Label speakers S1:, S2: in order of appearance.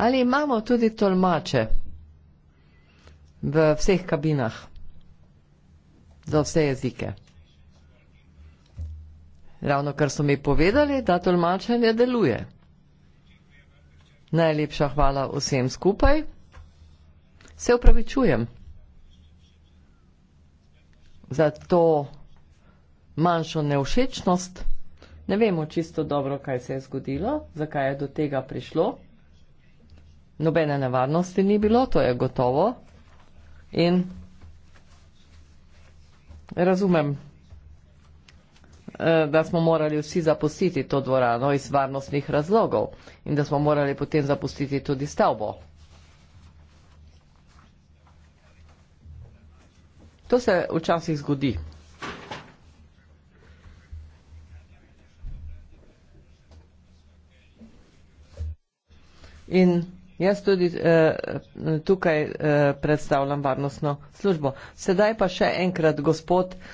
S1: Ali imamo tudi tolmače v vseh kabinah za vse jezike? Ravno kar so mi povedali, da tolmačenje deluje. Najlepša hvala vsem skupaj. Se upravičujem za to manjšo neušečnost. Ne vemo čisto dobro, kaj se je zgodilo, zakaj je do tega prišlo nobene nevarnosti ni bilo, to je gotovo. In razumem, eh, da smo morali vsi zapustiti to dvorano iz varnostnih razlogov in da smo morali potem zapustiti tudi stavbo. To se včasih zgodi. In Jaz tudi eh, tukaj eh, predstavljam varnostno službo. Sedaj pa še enkrat, gospod